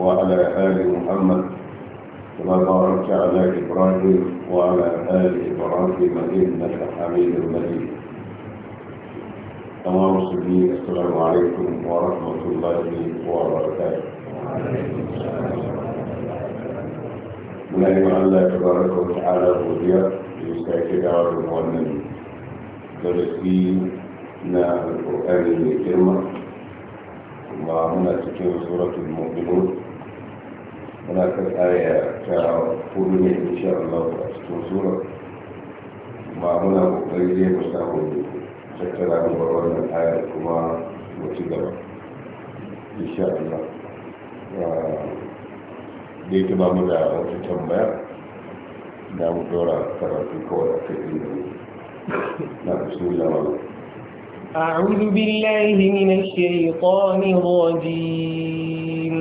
وعلى آل محمد كما باركت على إبراهيم وعلى آل إبراهيم إنك حميد مجيد تمام سبي السلام عليكم ورحمة الله وبركاته ونعم على الله تبارك وتعالى وديا يستعيك دعوة المؤمنين ترسينا القرآن الكريم وهنا تكون سورة المؤمنون muna kan aya ta hudu ne insha Allah a cikin sura ma muna kokari ne mu samu tattara mu wannan aya kuma mu ci gaba insha Allah ah, da ita ba mu da wata tambaya da mu dora karatu kawai a kai inda na bismillah أعوذ بالله من الشيطان الرجيم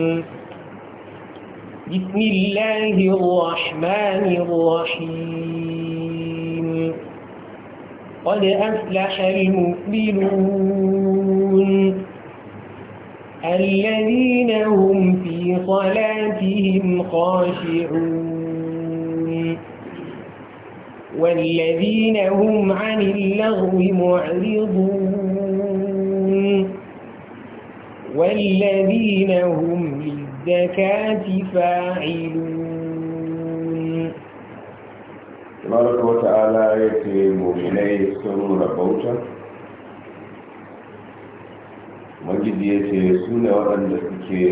بسم الله الرحمن الرحيم قد أفلح المؤمنون الذين هم في صلاتهم خاشعون والذين هم عن اللغو معرضون والذين هم الزكاة فاعلون تبارك وتعالى يأتي sun سرور بوتا majid ya ce su ne waɗanda suke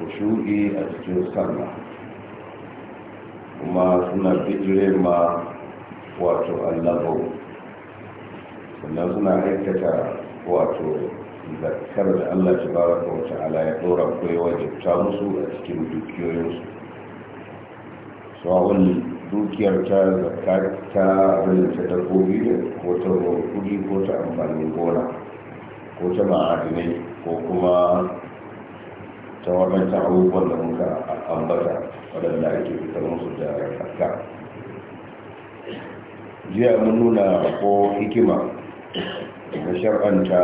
kushu'i a cikin sallah kuma suna bijire ma wato allabau sannan suna aikata wato zakar da Allah ta baraka wata ala ya dora ko ya wajibta musu a cikin dukiyoyinsu sawa'un dukiyar ta zakka ta rin ta dabbobi ne ko ta kudi ko ta amfanin gona ko ta ma'adinai ko kuma ta wadanta abubuwan da muka ambata waɗanda ake fitar musu da zakka jiya mun nuna ko hikima na shar'anta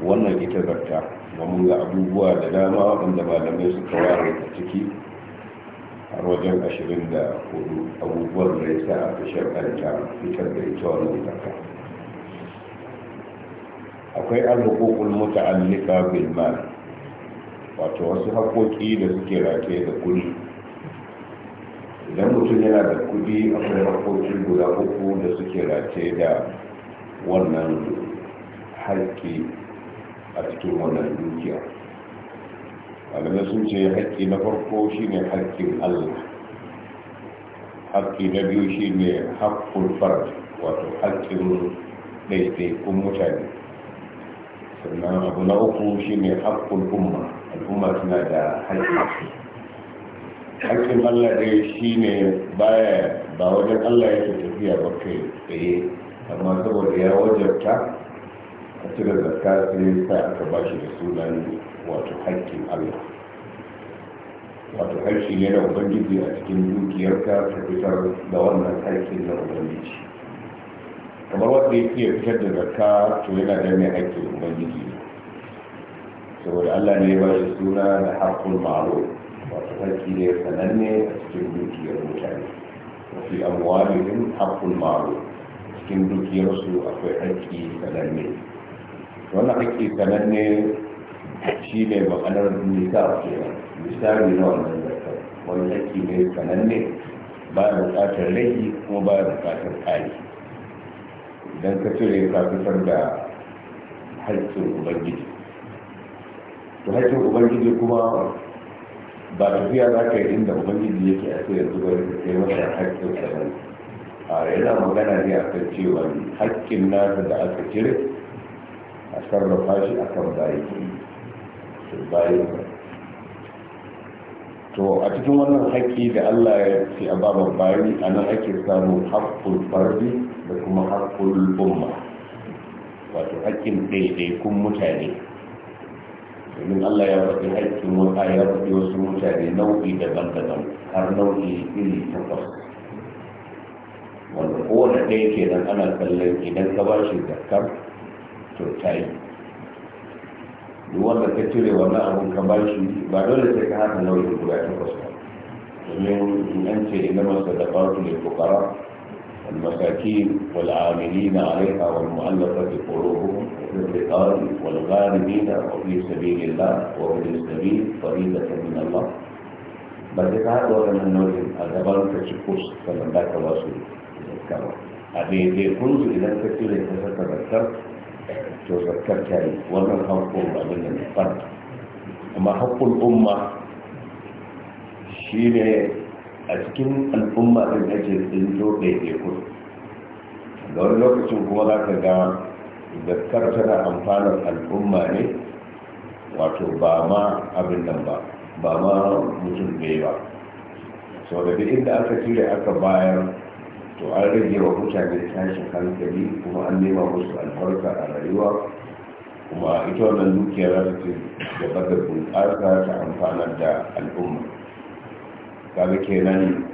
wannan ita zarta da mun ga abubuwa da dama waɗanda malamai suka ware a ciki har wajen ashirin da hudu abubuwan da ya sa aka shirkanta fitar da ita wannan zarta akwai alhukukul muta'allika bil mal wato wasu haƙoƙi da suke rataye da kuɗi idan mutum yana da kuɗi akwai haƙoƙi guda uku da suke rataye da wannan haƙƙi a cikin wannan dukiya malamai sun ce haƙƙi na farko shine haƙƙin allah haƙƙi na biyu shine haƙƙun farad wato haƙƙin ɗaiɗaikun mutane sannan abu na uku shine haƙƙun umma al'umma suna da haƙƙi haƙƙin allah dai shi ne baya ba wajen allah yake tafiya ba kai tsaye amma saboda ya wajarta a cire zakka sai sa aka ba shi da sunan wato haƙƙin allah wato haƙƙi ne na ubangiji a cikin dukiyarka ta fitar da wannan haƙƙi na ubangiji kamar wanda ya iya fitar da zarka to yana da mai haƙƙin ubangiji ne saboda allah ne ba shi suna da haƙƙun ma'aro wato haƙƙi ne sananne a cikin dukiyar mutane wafi amwalihim haƙƙun ma'aro cikin dukiyarsu akwai haƙƙi sananne wannan ake sananne shi ne ma'anar nisa ke misali na wannan zartar wani haƙƙi ne sananne ba da buƙatar rai kuma ba da buƙatar ƙari idan ka cire ka fitar da haƙƙin ubangiji to haƙƙin ubangiji kuma ba tafiya za ka yi inda ubangiji yake a sai yanzu bari ka kai masa haƙƙin a yana magana ne a kan cewa haƙƙin nasa da aka cire a sarrafa shi a kan bayi to a cikin wannan haƙƙi da allah ya ce a baban bayi a nan ake samun haƙƙul fardi da kuma haƙƙul umma wato haƙƙin ɗaiɗaikun mutane domin allah ya faɗi haƙƙin wata ya faɗi wasu mutane nau'i daban-daban har nau'i iri takwas wanda kowane ɗaya kenan ana kallon idan ka ba shi zakar to time duk wanda ka cire wannan abin ka bashi ba dole sai ka haka nauyi da buga ta kwasa domin in ce ina masa da farko ne ko kara almasaki wal'amili na alaika wa mu'allafa da korobo da kawai wal'ari ne da kwafi sabi ne la wa wani sabi fari ba sai ka haka wannan nauyi a gaban ka ci kus da ka wasu da kama a daidai kun su idan ka cire ka saka da to zakar ta wannan haƙƙun abin da ne amma haƙƙun umma shine a cikin al'umma ɗin ake tsinto ɗaiɗaiku da wani lokacin kuma za ka ga zakar tana amfanar al'umma ne wato ba ma abin nan ba ba ma mutum bai ba sau da inda aka cire aka bayar to an rage wa mutane tashin hankali kuma an nema musu alfarka a rayuwa kuma ita wannan dukiya za su da bada bunƙasa ta amfanar da al'umma kaga kenan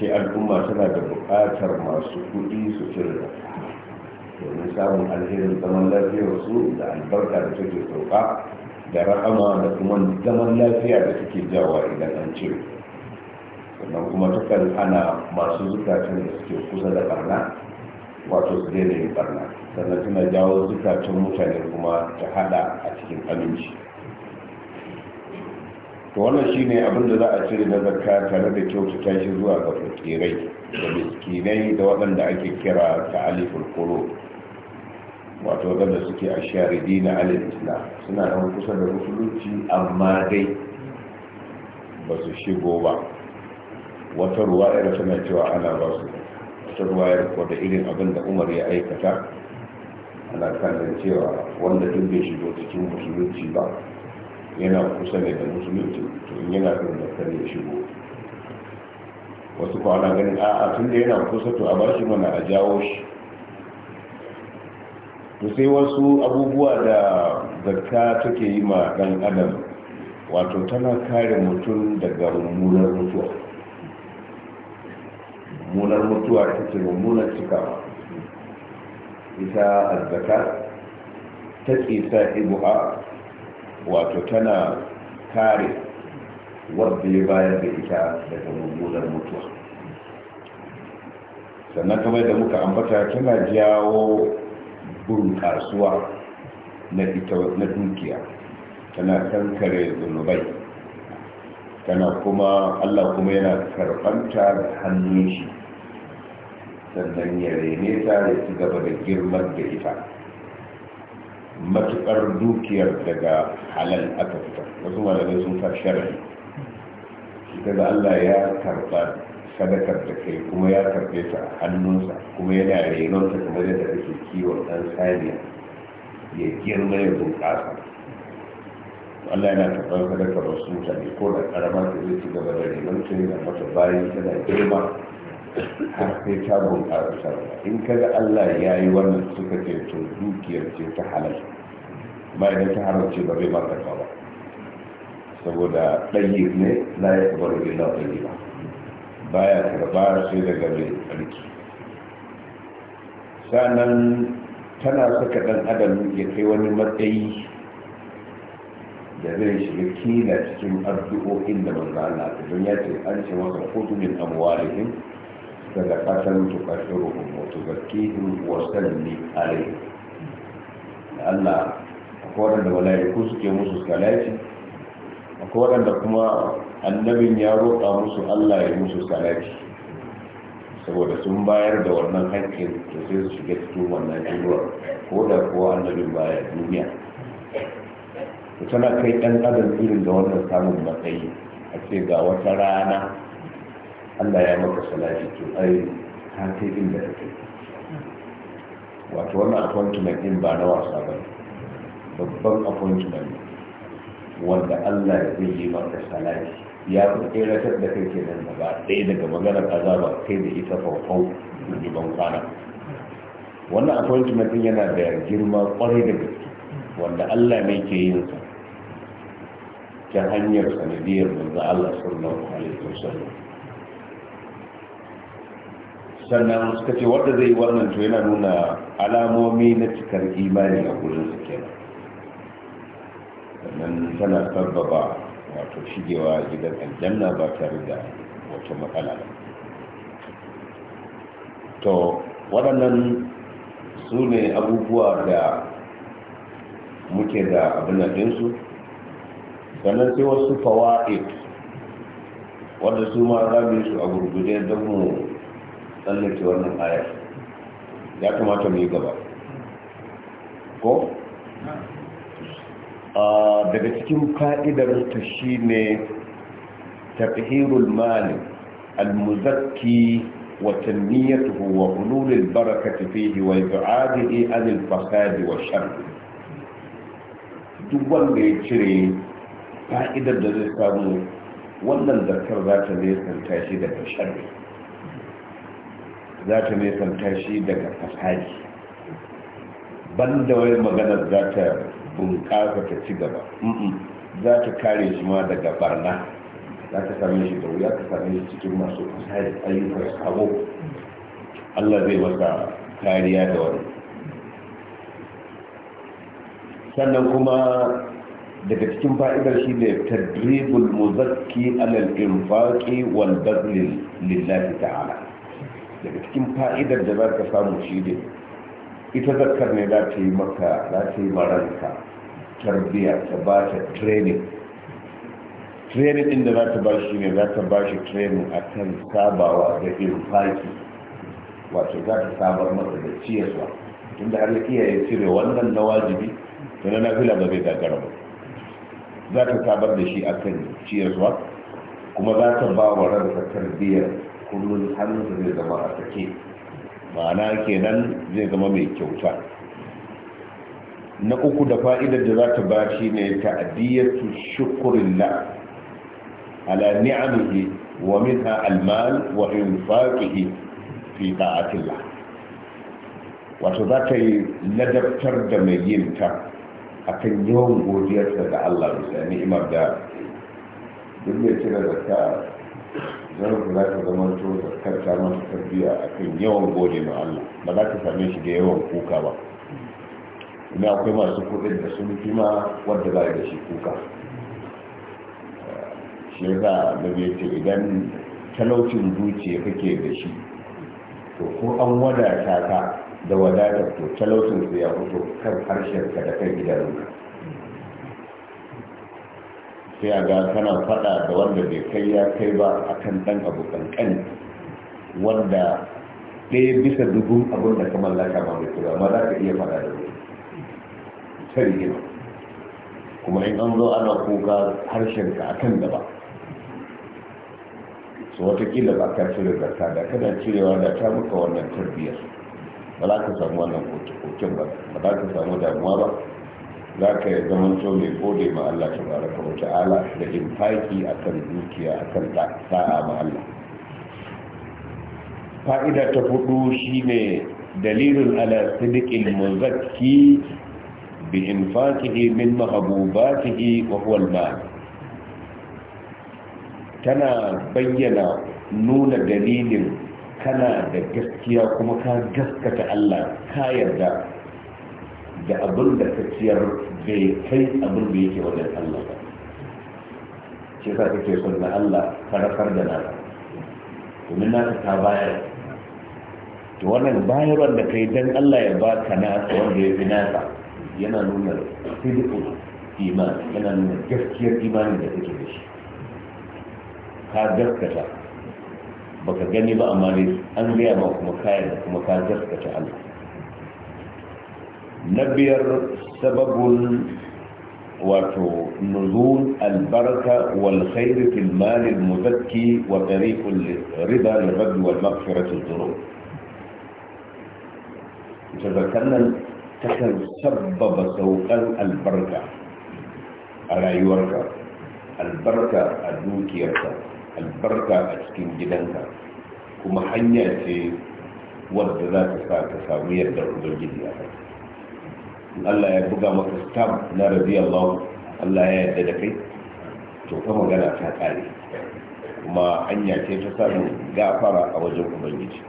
shi al'umma tana da buƙatar masu kuɗi su cire domin samun alherin zaman lafiyar su da albarka da take sauka da ra'ama da kuma zaman lafiya da suke jawa idan an ciro sannan kuma takan hana masu zukacin da suke kusa da barna wato su daina yin barna sannan tana jawo zukacin mutane kuma ta hada a cikin aminci to wannan shine abin da za a cire na zakka tare da kyautata shi zuwa ga fakirai da miskinai da waɗanda ake kira ta alifin kuro wato waɗanda suke a sharidi na alif suna nan kusa da musulunci amma dai ba su shigo ba wata ruwayar tana cewa ana ba su wata ruwayar wadda irin abin da umar ya aikata ana kanin cewa wanda duk bai shigo cikin musulunci ba yana kusa ne da musulunci to in yana kan da kare ya shigo wasu kwana ganin a'a tun da yana kusa to a bashi mana a jawo shi to sai wasu abubuwa da zarka take yi ma dan adam wato tana kare mutum daga mummunar mutuwa Munar mutuwa ita ce mummunar cikawa ita azzaka ta ƙisa ibuha wato tana kare wadda ya bayar da ita daga mummunar mutuwa sannan kamar da muka ambata tana jawo bunkasuwa na dukiya tana kankare zunubai tana kuma allah kuma yana karɓanta da hannun shi sannan ya rene ta ya ci gaba da girman da ita Matuƙar dukiyar daga halal aka fitar wasu malamai sun fa sharafi. ita Allah ya karɓa sadakar da kai kuma ya karɓe ta hannunsa kuma yana renon ta kamar yadda kake kiwon ɗan saniya ya girma ya bunƙasa Allah yana karɓar sadakar wasu mutane ko da ƙarama da zai ci gaba da renon ta yana mata bayan tana girma har sai ta bunƙasa sarwa in kada Allah ya yi wannan suka ce to dukiyar ce ta halal Ba idan ta haramce ba bai maka ba saboda ɗayi ne la ya kabar na ɗayi ba baya karba sai daga mai tsarki sanan tana saka ɗan adam ya kai wani matsayi da zai shiga kila cikin addu'o'in da manzana ta don ya ce an ce masa kutu amwalihim صدقة تكفرهم وتزكيهم وسلم عليهم الله akwai da mala'iku suke musu salati akwai da kuma annabin ya roƙa musu Allah ya musu salati saboda sun bayar da wannan haƙƙin da sai su shiga cikin wannan jiruwar ko da kowa annabin baya duniya tana kai ɗan adam irin da wannan samun matsayi a ce ga wata rana Allah ya maka salafi to ai ka kai inda kake wato wannan appointment din ba na wasa ba babban appointment wanda Allah zai yi maka salafi ya tsiratar da kai kenan ba ɗaya daga maganar azaba kai da ita faufau da ban kwana wannan appointment din yana da girma kwarai da gaske wanda Allah ne ke yin sa ta hanyar sanadiyar manzo Allah sallallahu alaihi wasallam sannan suka ce wadda zai wannan to yana nuna alamomi na cikar imani a gurin su kenan sannan tana sababa wato shigewa gidan aljanna ba tare da wata matsala ba to waɗannan su ne abubuwa da muke da abin ɗinsu sannan sai wasu fawa'id wadda su ma za yi su a gurguje don mu tsallake wannan ayar ya kamata mu yi gaba ko? daga cikin fa'idar ta shi ne tafihirul al-muzakki wata niyyatuhu wa hululul barakati fihi wa izu'adihi anil fasadi wa sharri duk wanda ya cire fa'idar da zai samu wannan zarkar za ta nesanta shi daga sharri za ta nesanta shi daga ban banda wai maganar za ta bunƙasa ta ci gaba za ta kare shi ma daga barna za ta same shi da wuya ta same shi cikin masu da ayyukan sabo allah zai masa kariya da wani sannan kuma daga cikin fa'idar shi ne tadribul muzakki alal infaqi wal bazli lillahi ta'ala daga cikin fa'idar da za ka samu shi ne ita zarkar ne za ta yi maka za ta yi maranka tarbiya ta ba ta training training din da za ta ba shi ne za ta ba shi training a kan sabawa da infaki wato za ta sabar masa da ciyarwa da har ya cire wannan na wajibi to na nafila ba zai gagara ba za ta sabar da shi akan ciyarwa kuma za ta ba wa ranta tarbiyyar kulun hannunsa zai zama a sake ma'ana kenan zai zama mai kyauta na uku da fa'idar da za ta ba shi ne ta'adiyyatu shukurillah ala ni'amihi wa minha almal wa infaqihi fi ta'atillah wato za ta yi ladabtar da mai yin ta akan yawan godiyarsa ga Allah bisa ni'imar da duk mai cire ta. zan za ta zama to da ta masa tarbiya kan yawan gode ma Allah ba za ka same shi da yawan kuka ba ina akwai masu kuɗin da sun fi ma wanda ba da shi kuka shi yasa da bai idan talaucin zuciya kake da shi to ko an wadata ka da wadatar to talaucin su ya fito kan harshen ka da kan gidanka sai a ga kana fada da wanda bai kai ya kai ba akan dan abu kankan wanda ɗaya bisa dubu abin da ka mallaka ba mai kai Ma za ka iya fada da wani sai gina kuma in an zo ana kuka harshen ka akan gaba su watakila ba ka cire zarta da kana cirewa da ta muka wannan tarbiyyar ba za ka samu wannan kokin ba ba za ka samu damuwa ba za ka yi zaman to mai gode ma Allah ta baraka wa ta'ala da infaki a kan dukiya a kan sa'a ma Allah fa'ida ta hudu shine dalilin ala sidiqil muzakki bi infaqihi min mahabubatihi wa huwa mal tana bayyana nuna dalilin kana da gaskiya kuma ka gaskata Allah ka yarda da abin da ta ciyar bai kai abin da yake wajen Allah ba shi yasa ke son na Allah farafar da naka domin naka ta bayar to wannan bayarwar da kai dan Allah ya baka na wanda ya fi naka yana nuna sidikul iman yana nuna gaskiyar imanin da kake da shi ka gaskata baka gani ba amma ne an gaya ba kuma kayan da kuma ka gaskata Allah نبير سبب وتو نزول البركة والخير في المال المزكي وطريق الرضا للرب والمغفرة الذنوب. تذكرنا تكن سبب سوق البركة على يورك البركة أدوك البركة أسكن جدنك كما حنيتي وذلات ساكسا ويدر جدي أحد Allah ya buga maka stamp na radiyallahu Allah ya yarda da kai to ka magana ta kare kuma hanya ce ta samu gafara a wajen ubangiji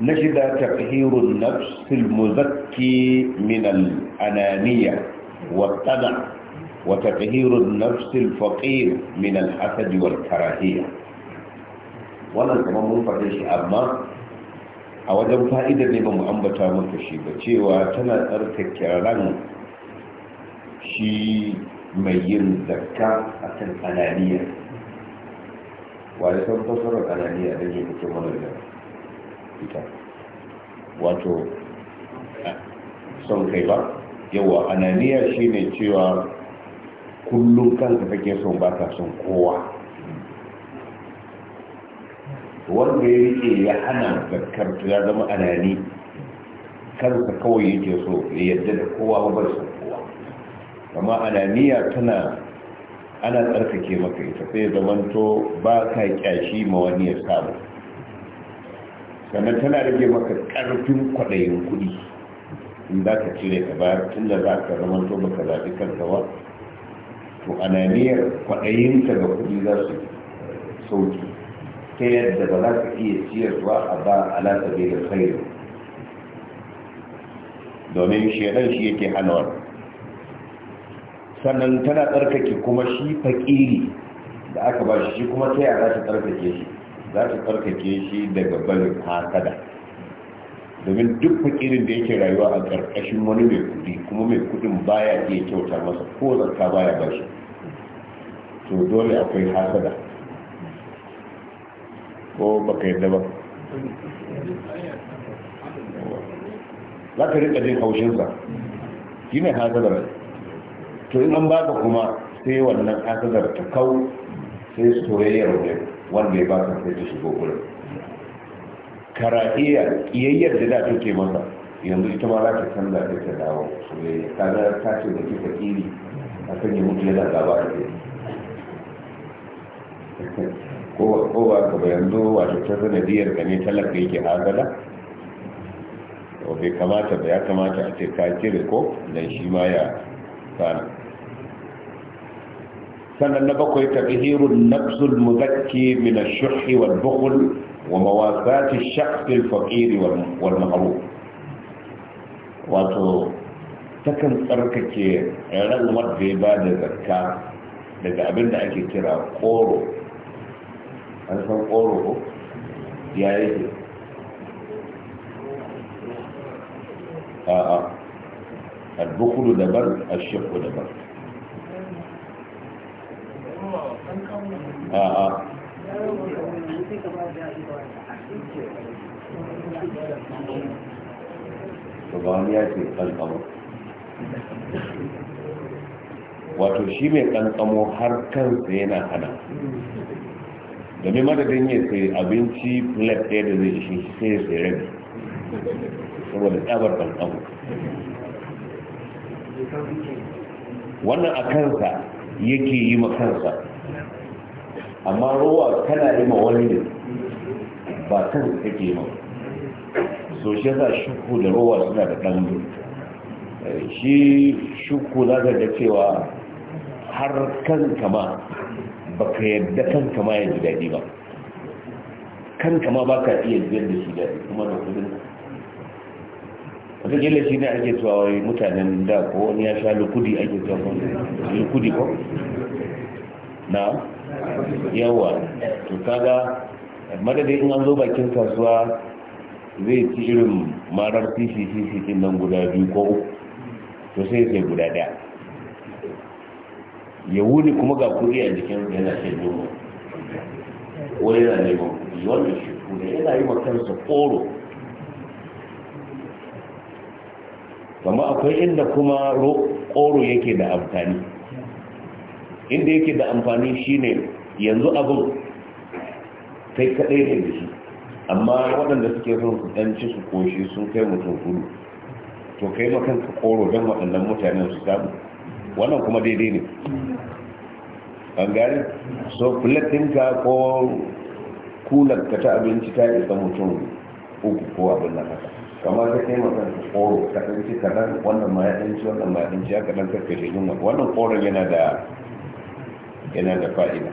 na shida tafhirun nafsil muzakki min al-ananiya wa tada wa tafhirun nafsil faqir min al-hasad wal karahiyya wannan kamar mun faɗe shi amma a wajen fa'idar ne ba mu ambata maka shi ba cewa tana tsarkake ran shi mai yin zakka a kan ananiya wani san fasarar ananiya da ne kuke mana da ita wato son kai ba yawa ananiya shi ne cewa kullum kanka kake son ba ka son kowa wanda ya rike ya hana zakar ya zama anani kansa kawai yake so ya yadda da kowa ba bar sa kowa amma ananiya tana ana tsarkake maka ita sai zamanto ba ka kyashi ma wani ya samu sannan tana rage maka karfin kwaɗayin kuɗi in za ka cire ka ba tun da za ka zamanto ba ka zaɓi kanka ba to ananiyar kwaɗayinka ga kuɗi za su sauki ta yadda ba za ka iya ciyarwa a ba alaka bai da khairu domin shaidan shi yake hana sannan tana tsarkake kuma shi fakiri da aka ba shi kuma ta yaya za ta tsarkake shi za ta tsarkake shi daga barin hakada domin duk fakirin da yake rayuwa a ƙarƙashin wani mai kuɗi kuma mai kuɗin baya iya kyauta masa ko zarka baya ba shi to dole akwai hasada ko baka yadda ba za ka rika jin haushinsa shi ne hasadar to in an baka kuma sai wannan hasadar ta kau sai soyayyar wajen wanda ya baka sai ta shigo kula kara'iya iyayyar da da ke masa yanzu ita ma za ta canza da ta dawo soyayya ta ga ta ce da kika kiri a kan yi mutu yana gaba da ke ko kowa ka ba yanzu wato ta sanadiyar ka ne talaka yake hagala to bai kamata ba ya kamata a ce ka cire ko dan shi ma ya sana sannan na bakwai tabhirun nafsul muzakki min ash-shuh wal bukhl wa mawasat ash-shakhs al-faqir wal maghrub wato takan tsarkake ran wanda ya bada zakka daga abin da ake kira koro an san koro ko ya ke a a albukulu daban a shekku daban a a ya ce kankamo. Wato shi mai kankamo har kansa yana hana. domin madadin ya sai abinci flat ɗaya da zai shi sai ya sai rabi saboda tsabar ɗanɗano wannan a kansa yake yi ma kansa amma rowa kana yi ma wani ne ba kansa take yi ma so shi yasa shuku da rowa suna da ɗan eh, shi shuku za ka ga cewa har kan kama ba ka yadda kanka ma ya ji daɗi ba kanka ma ba ka iya jiyar da shi daɗi kuma da kudin wata jela shi ne ake cewa wai mutanen da ko wani ya sha lukudi ake cewa lukudi ko na yawa to kaga madadin in an zo bakin kasuwa zai ci irin marar sisi din nan guda biyu ko to sai sai guda daya ya wuri kuma ga kuri a jikin yana ce noma wani yana neman kuri wannan shi kuri yana yi makansa koro kama akwai inda kuma koro yake da amfani inda yake da amfani shine yanzu abin kai kadai ne da shi amma waɗanda suke son su ɗanci su koshi sun kai mutum kudu to kai makanka koro don waɗannan mutanen su samu wannan kuma daidai ne an gari so plate ɗinka ko kular ka ta abinci ta isa mutum uku ko abin nan haka kamar ka kai maka koro ka ɗanci kaɗan wannan ma ya dinci wannan ma ya ɗanci ya kaɗan karkashe yunwa wannan koron yana da yana da fa'ida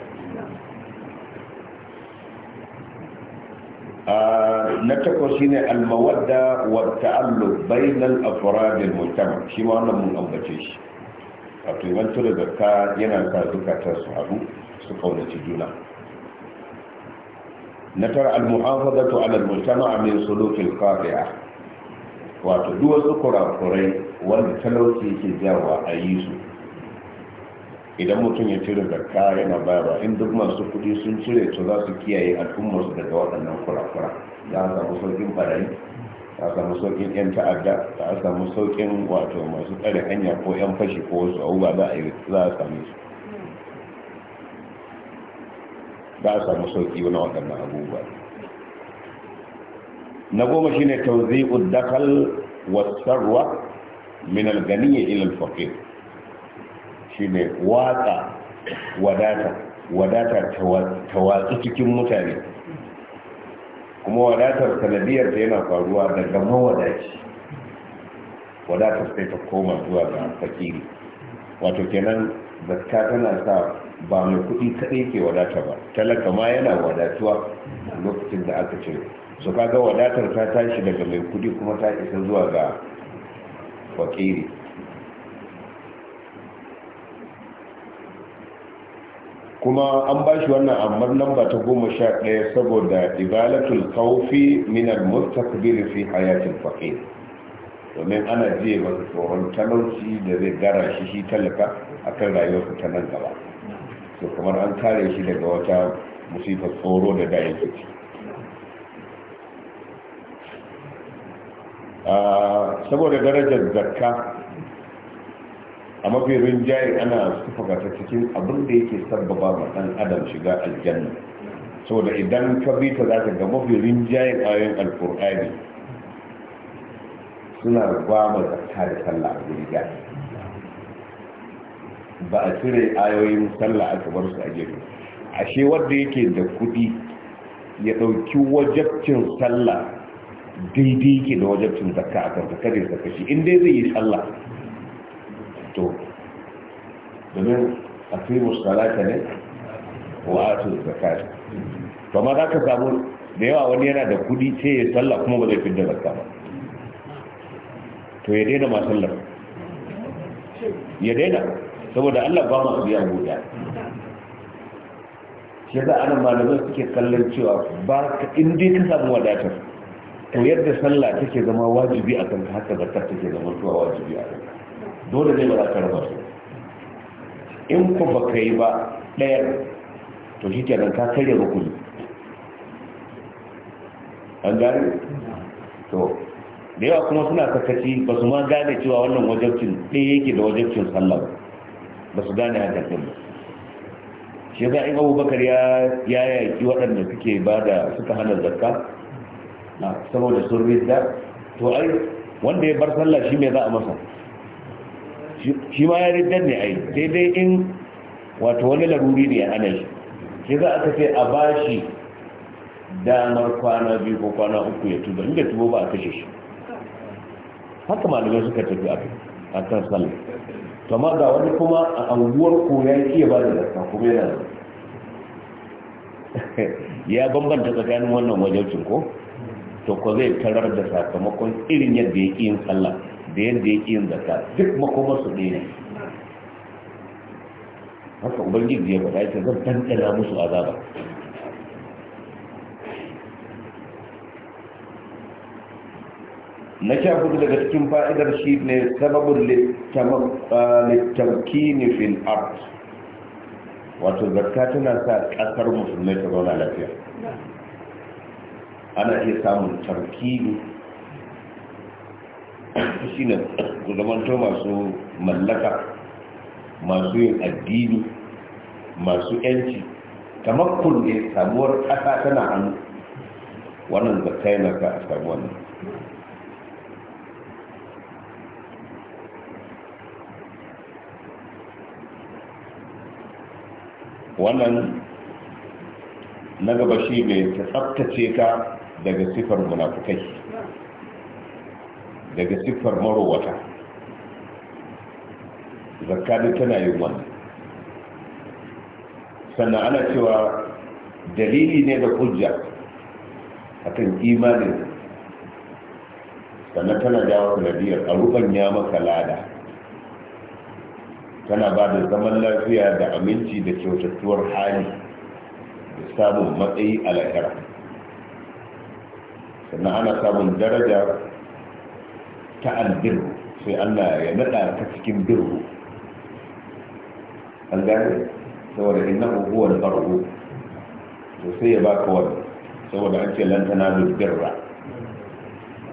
ah, na takwas shi ne almawadda wa ta'allu bainal afradil mujtama shi ma wannan mun ambace shi wato yawan tura yana sa zukatar su haɗu su kaunaci juna na tara al-muhafazatu ala al-mujtama'a min sulukil qati'a wato duk kura kurakurai wanda talauci ke jawa a yi su idan mutum ya cire zakka yana bayarwa in duk masu kuɗi sun cire to za su kiyaye al'ummarsu daga waɗannan kurakura za a samu sauƙin barayi a samu saukin yan ta'adda a samu saukin wato masu tsare hanya ko yan fashi ko wasu abubuwa za a yi za a samu su za a samu sauki na waɗannan abubuwa na goma shine tawzi'u dakal wa sarwa min alganiyya ila alfaqir shi shine watsa wadata wadata ta cikin mutane kuma wadatar sanadiyar da yana faruwa daga mawadaci wadatar sai ta koma zuwa ga fakiri wato kenan zakka tana sa ba mai kuɗi kaɗai ke wadata ba talaka ma yana wadatuwa lokacin da aka ce su kaga wadatar ta tashi daga mai kuɗi kuma ta isa zuwa ga fakiri kuma an ba shi wannan ammar lamba ta goma sha ɗaya saboda ibalatul kaufi minar mustaqbil fi hayatin faqir domin ana jiye masa tsoron talauci da zai gara shi shi talaka a kan rayuwarsa ta nan gaba To kamar an kare shi daga wata musifar tsoro da da ah, saboda darajar zakka a mafi rinjaye ana sufaka ta cikin abin da yake sabbaba ma ɗan adam shiga aljanna saboda idan ka bi ta zaka ga mafi a ayoyin alkur'ani suna ba mu zakka da sallah a guri ba a cire ayoyin sallah aka bar su a gefe ashe wanda yake da kudi ya ɗauki wajabcin sallah daidai yake da wajabcin zakka a kan zakka da zakka in dai zai yi sallah to domin a fi musalata ne wa atu zakat to ma za ka samu da yawa wani yana da kudi sai ya salla kuma ba zai fidda zakka ba to ya daina ma sallar ya daina saboda Allah ba masu biya guda shi za a nan malamai suke kallon cewa ba ka inda ka samu wadatar to yadda sallah take zama wajibi a kanka haka zakar take zama zuwa wajibi a kanka dole zai bada za masu. in ku ba ka yi ba ɗayar to shi nan ka karya rukuni an gani to da yawa kuma suna kakaci ba su ma gane cewa wannan wajabcin ɗaya yake da wajabcin sallah ba su gane haka ɗin shi a yi abubakar ya ya yaki waɗanda suke ba da suka hana zakka saboda sun da to ai wanda ya bar sallah shi me za a masa shi ma ya riddar ne ai sai dai in wato wani laruri ne a nan shi za aka ce a bashi damar kwana biyu ko kwana uku ya tuba inda tubo ba a kashe shi haka malamai suka tafi a kan sallah to amma ga wani kuma a anguwar ko ya iya ba da zakka kuma yana ya bambanta tsakanin wannan wajen ko to ko zai tarar da sakamakon irin yadda ya ƙi yin sallah da yadda ya ƙi yin zakka duk makomar su ne haka ubangiji ya faɗa ce zan tantana musu azaba na sha hudu daga cikin fa'idar shi ne sababin littamkini fil art wato zakka tana sa ƙasar musulmai ta zauna lafiya ana iya samun tarkini shi ne ku zamanto masu mallaka masu yin addini masu yanci kamar kulle samuwar ƙasa tana hannu wannan da taimaka a samu wannan wannan na gaba shi ne ta tsabtace ka daga sifar munafukai daga siffar marowata zakka tana yin wannan sannan ana cewa dalili ne da hujja akan imanin sannan tana jawo sanadiyar a rubanya maka lada tana ba da zaman lafiya da aminci da kyautattuwar hali da samun matsayi a lahira sannan ana samun daraja ta albirru sai Allah ya nada ta cikin birru an gane saboda inna huwa al-barru to sai ya baka wani saboda an ce lantana bil birra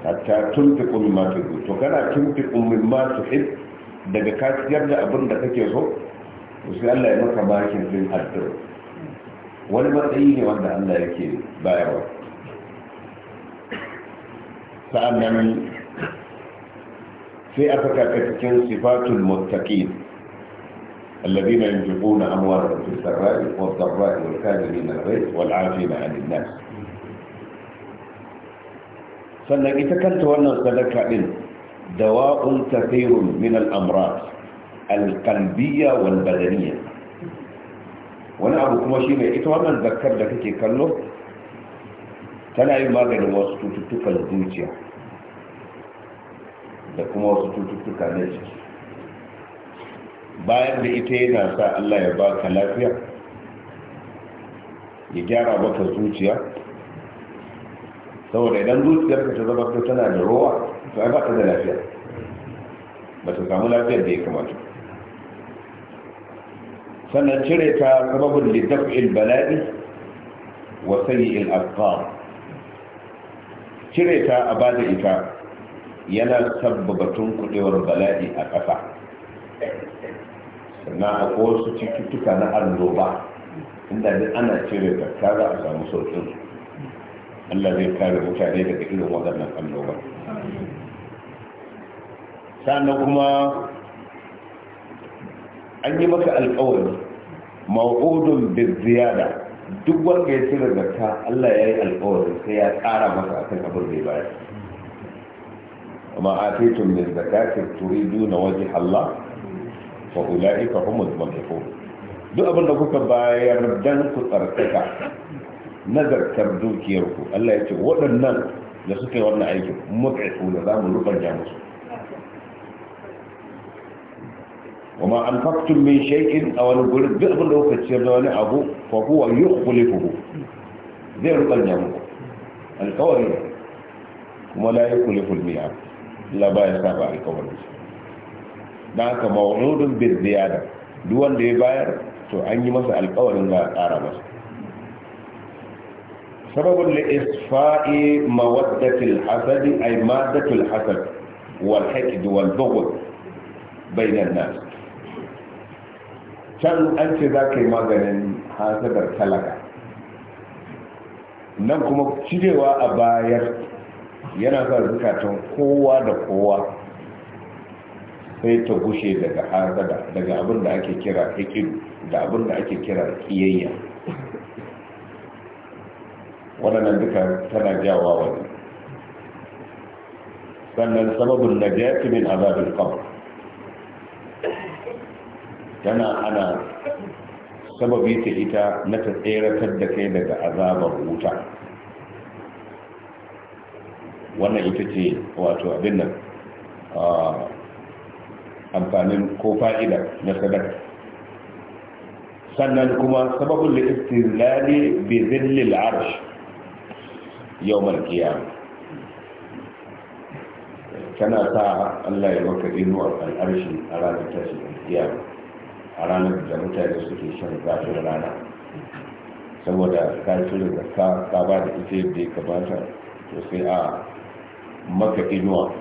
hatta tunfiqu mimma tuhibbu to kana tunfiqu mimma tuhib daga ka ciyar da abin da kake so to sai Allah ya maka bakin din albirru wani matsayi ne wanda Allah yake bayarwa sa'annan sai aka kaka cikin sifatul muttaqin الذين ينفقون أموالهم في السراء والضراء والكاذبين الغيظ والعافين عن الناس sannan ita kanta wannan sadaka din dawa'un kathirun min al-amrad al-qalbiyya wal badaniyya wani abu kuma shi shine ita wannan zakkar da kake kallo tana yin maganin wasu cututtukan zuciya da kuma wasu cututtuka na jiki bayan da ita yana sa Allah ya baka lafiya ya gyara baka zuciya saboda idan zuciyarka ta zama ta tana da ruwa, to ai ba ta da lafiya ba ta samu lafiyar da ya kamata sannan cire ta sababin littafin bala'i wa sayyi'il afkar cire ta a bada ita yana sabbaba tunkudewar bala'i a ƙasa sannan a wasu cututtuka na annoba inda duk ana cire zakka za a samu sauƙin Allah zai kare mutane daga irin waɗannan annoba sannan kuma an yi maka alƙawari ma'udun birziyada duk wanda ya cire zakka Allah ya yi alƙawari sai ya ƙara masa akan abin da ya bayar وما آتيتم من الزكاة تريدون وجه الله فأولئك هم المنفقون دو abin نقول kuka bayar كتر تكا tsarkaka تبدو كيركو الله يتوب ce waɗannan لسكي suka yi wannan aikin mut'ifu da وما أنفقتم من شيء أو نقول بأبن لو كتيرنا أبو فهو يخلفه ذي رقل نعمه القوارين وما لا يخلف الميعاد la ba ya saba alkawarin don haka ma'udun bir ziyada duk wanda ya bayar to an yi masa alƙawarin za a ƙara masa sababin da isfa'i mawaddatul hasadi ay maddatul hasad wal haqd wal bughd bainan nas can an ce za ka yi maganin hasadar talaka nan kuma cirewa a bayar yana sa zukatan kowa da kowa sai ta gushe daga hazada daga abin da ake kira hikidu da abin da ake kira kiyayya waɗannan duka tana jawa wani sannan sababin na min azabin qabr tana ana sababi ta ita na ta tseratar da kai daga azabar wuta wannan ita ce wato abin nan amfanin ko fa'ida na sadaka sannan kuma sababin da istilali bi zillil arsh yawmal qiyam kana sa Allah ya baka inuwar al'arshi a ranar tashi qiyam a ranar da mutane suke shan zafin rana saboda ka cire zakka ka ba da ita yadda ya kamata to sai a maka inuwa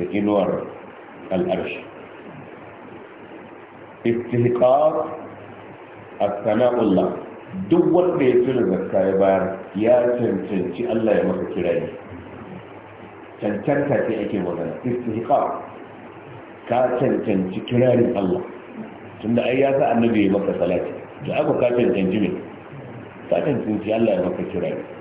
da inuwar al'arshi istihqaq as-sana'ullah duk wanda ya tura zakka ya bayar ya cancanci Allah ya maka masa kirayi cancanta ce ake magana istihqaq ka cancanci kirarin Allah tunda ai ya sa annabi ya maka salati da aka ka cancanci ne ka cancanci Allah ya maka kirayi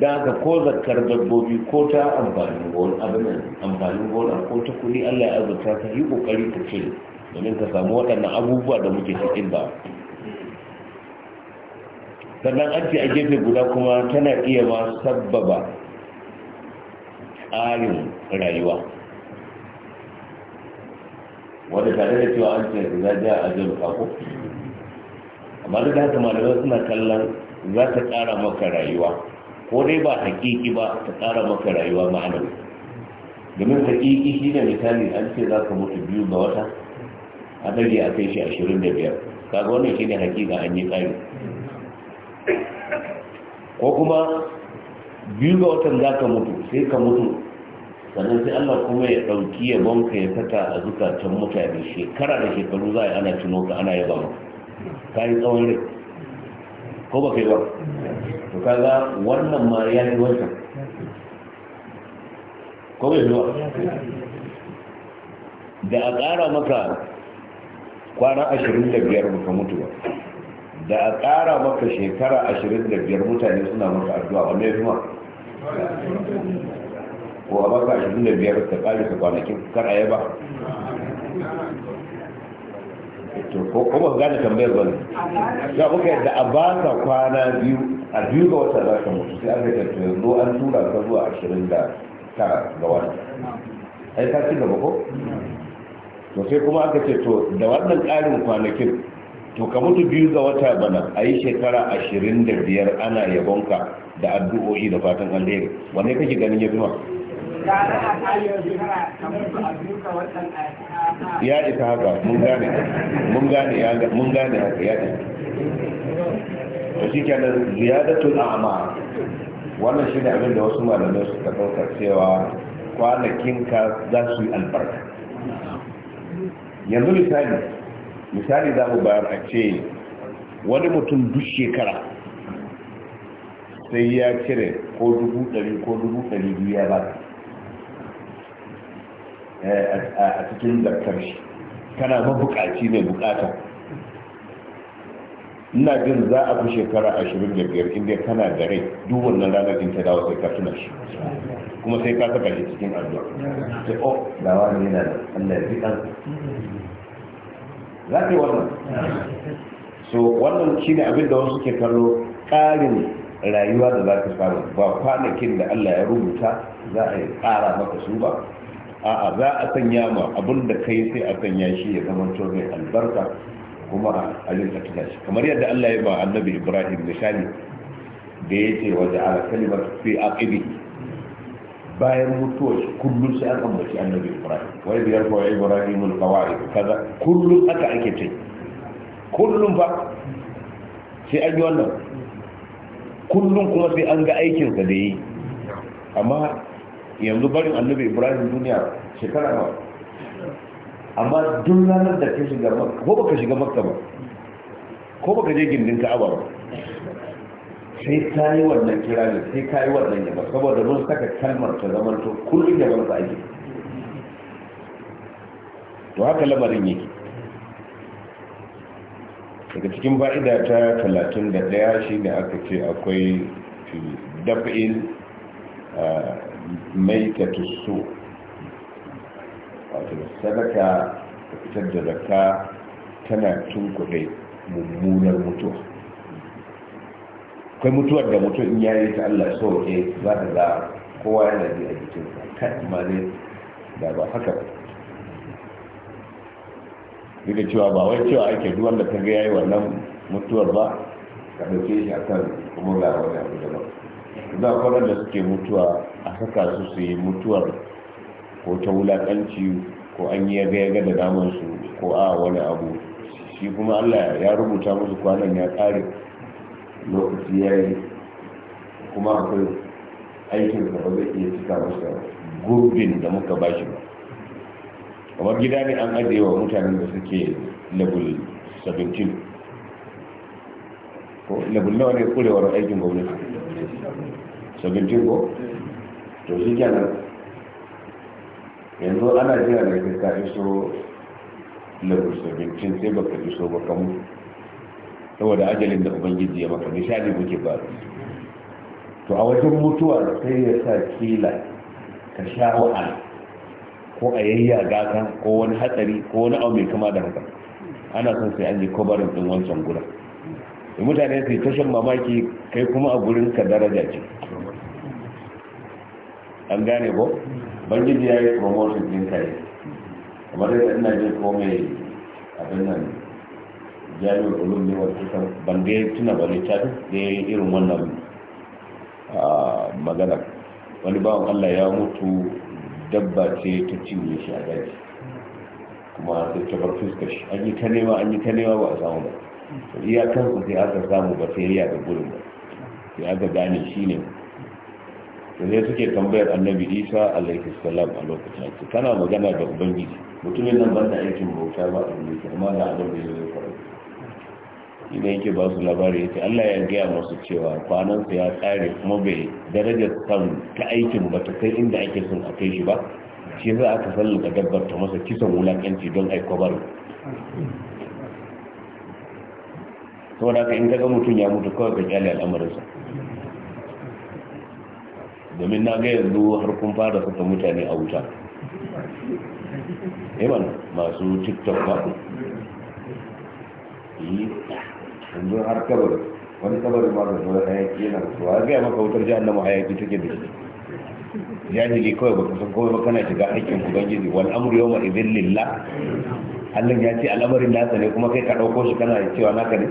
da haka ko zakar dabbobi ko ta amfani gona abinan amfani gona ko ta kudi allah ya azurta ka yi kokari ka cire domin ka samu waɗannan abubuwa da muke cikin ba sannan an ce a gefe guda kuma tana iya ma sababa tsarin rayuwa wanda tare da cewa an ce za ja a jin kako amma da haka malamai suna kallon za ta ƙara maka rayuwa ko dai ba hakiki ba ta tsara maka rayuwa ma'ana domin hakiki shi ne misali an ce za ka mutu biyu ga wata a ɗage a kai shi ashirin da biyar kaga wannan shi ne hakika an yi tsari ko kuma biyu ga watan za ka mutu sai ka mutu sannan sai allah kuma ya ɗauki banka ya saka a zukatan mutane shekara da shekaru za a yi ana tuno ka ana yaba ka yi tsawon rai ko ba kai ba to kaga wannan ma ya yi wancan ko bai zuwa da a ƙara maka kwana ashirin da biyar baka mutu ba da a ƙara maka shekara ashirin da biyar mutane suna maka addu'a wanda ya fi ma ko a baka ashirin da biyar ta ƙari ka kwanakin kar a to ko kuma gane tambayar ba ne za ku da a ba ka kwana biyu a biyu ga wata za ka mutu sai an ta yanzu an tura ka zuwa ashirin da ta ga wata ai ka ci gaba ko to sai kuma aka ce to da wannan ƙarin kwanakin to ka mutu biyu ga wata bana a yi shekara ashirin da biyar ana yabonka da addu'o'i da fatan alheri wanne kake ganin ya fi ma ya isa haka mun gane mun gane mun gane haka ya ita to shi kenan ziyadatul a'ma wannan shi ne abin da wasu malamai suka dauka cewa ka za su yi albarka yanzu misali misali za mu bayar a ce wani mutum duk shekara sai ya cire ko dubu ɗari ko dubu ɗari biyu ya ba a cikin zarkar shi kana mabukaci mai bukata ina jin za a fi shekara ashirin da biyar inda kana da rai duk nan ranar in ta dawo sai ka tuna shi kuma sai ka saka shi cikin addu'a sai o oh, dawa ne yana da Allah ya fitan za ka yi wannan so wannan shine abin da wasu ke kallo ƙarin rayuwa da za ka samu ba kwanakin da Allah ya rubuta za a yi ƙara maka su ba a'a za a sanya ma abin da kai sai a sanya shi ya zama to mai albarka kuma a rinka tuna shi kamar yadda Allah ya ba annabi Ibrahim misali da ya ce wa ja'ala kalimatu fi aqibi bayan mutuwa shi kullum sai an ambaci annabi Ibrahim wa idh yarfa Ibrahim al-qawaid kaza kullum aka ake ce kullum ba sai an yi wannan kullum kuma sai an ga aikinsa da yi amma yanzu barin annabi ibrahim duniya shekara nawa amma duk ranar da ka shiga makka ko baka shiga makka ba ko baka je gindin ka'aba ba sai ka yi wannan kira ne sai ka yi wannan yaba saboda mun saka kalmar ta zaman to kullum yaban sa ake to haka lamarin yake daga cikin fa'ida ta 31 shi ne aka ce akwai daf'in ah, maitatu su wato sadaka fitar da zakka tana tun tunkuɗe mummunar mutuwa akwai mutuwar da mutum in yayi ta Allah sauke za ta za kowa yana ji a jikin kan ma ne da ba haka ba duk da cewa ba wai cewa ake duk wanda ta ga yayi wannan mutuwar ba ka dauke shi akan kuma ga wani abu da ba za a da suke mutuwa a saka su su yi mutuwar ko ta wulaƙanci ko an yi yaga-yaga da damansu ko a wani abu shi kuma allah ya rubuta musu kwanan ya ƙare lokaci ya yi kuma akwai aikin da ba zai iya cika masa gurbin da muka ba shi ba kamar gida ne an ajiye wa mutanen da suke level 17 ko level nawa ne kurewar aikin gwamnati 17 ko to shi kenan yanzu ana jira da ka iso level 17 sai baka iso ba kamu saboda ajalin da ubangiji ya maka misali muke ba to a wajen mutuwa sai ya sa kila ka sha wa'ala ko a yayya gata ko wani hatsari ko wani abu mai kama da haka ana son sai an je kobarin din wancan gudan mutane su yi tashin mamaki kai kuma a gurin ka daraja ce an gane ko bangiji ya yi promotion din kai kamar da ina jin ko mai abin nan jami'ar ulum ne wata kan ban tuna ba littafi da irin wannan magana wani wani allah ya mutu dabba ce ta cinye shi a daji kuma a ta bar fuskar an yi ta nema an yi ta nema ba a samu ba iyakansu sai aka samu ba sai ya ga gurin ba sai aka gane shi ne da ne suke tambayar annabi isa alaihi salam a lokacin su kana magana da ubangiji mutumin nan banda aikin bauta ba a amma da adam da zai faru ina yake ba su labari yace Allah ya gaya masu cewa kwanansa ya tsare kuma bai darajar kan ta aikin ba ta kai inda ake son a kai shi ba shi a aka sallaka dabbar ta masa kisan wulakanci don ai kwabar saboda ka in ga mutum ya mutu kawai ka kyale al'amarinsa domin na ga yanzu har kun fara saka mutane a wuta iman eh, masu tiktok ba yi eh, yanzu har kabar wani kabar ba da zuwa hayaki yana su a gaya maka wutar jihar nama hayaki take da shi jahili kawai ba kusan kawai ba kana shiga haƙƙin ubangiji amur yau mai idhin lilla Allah ya ce al'amarin nasa ne kuma kai ka ɗauko shi kana cewa naka ne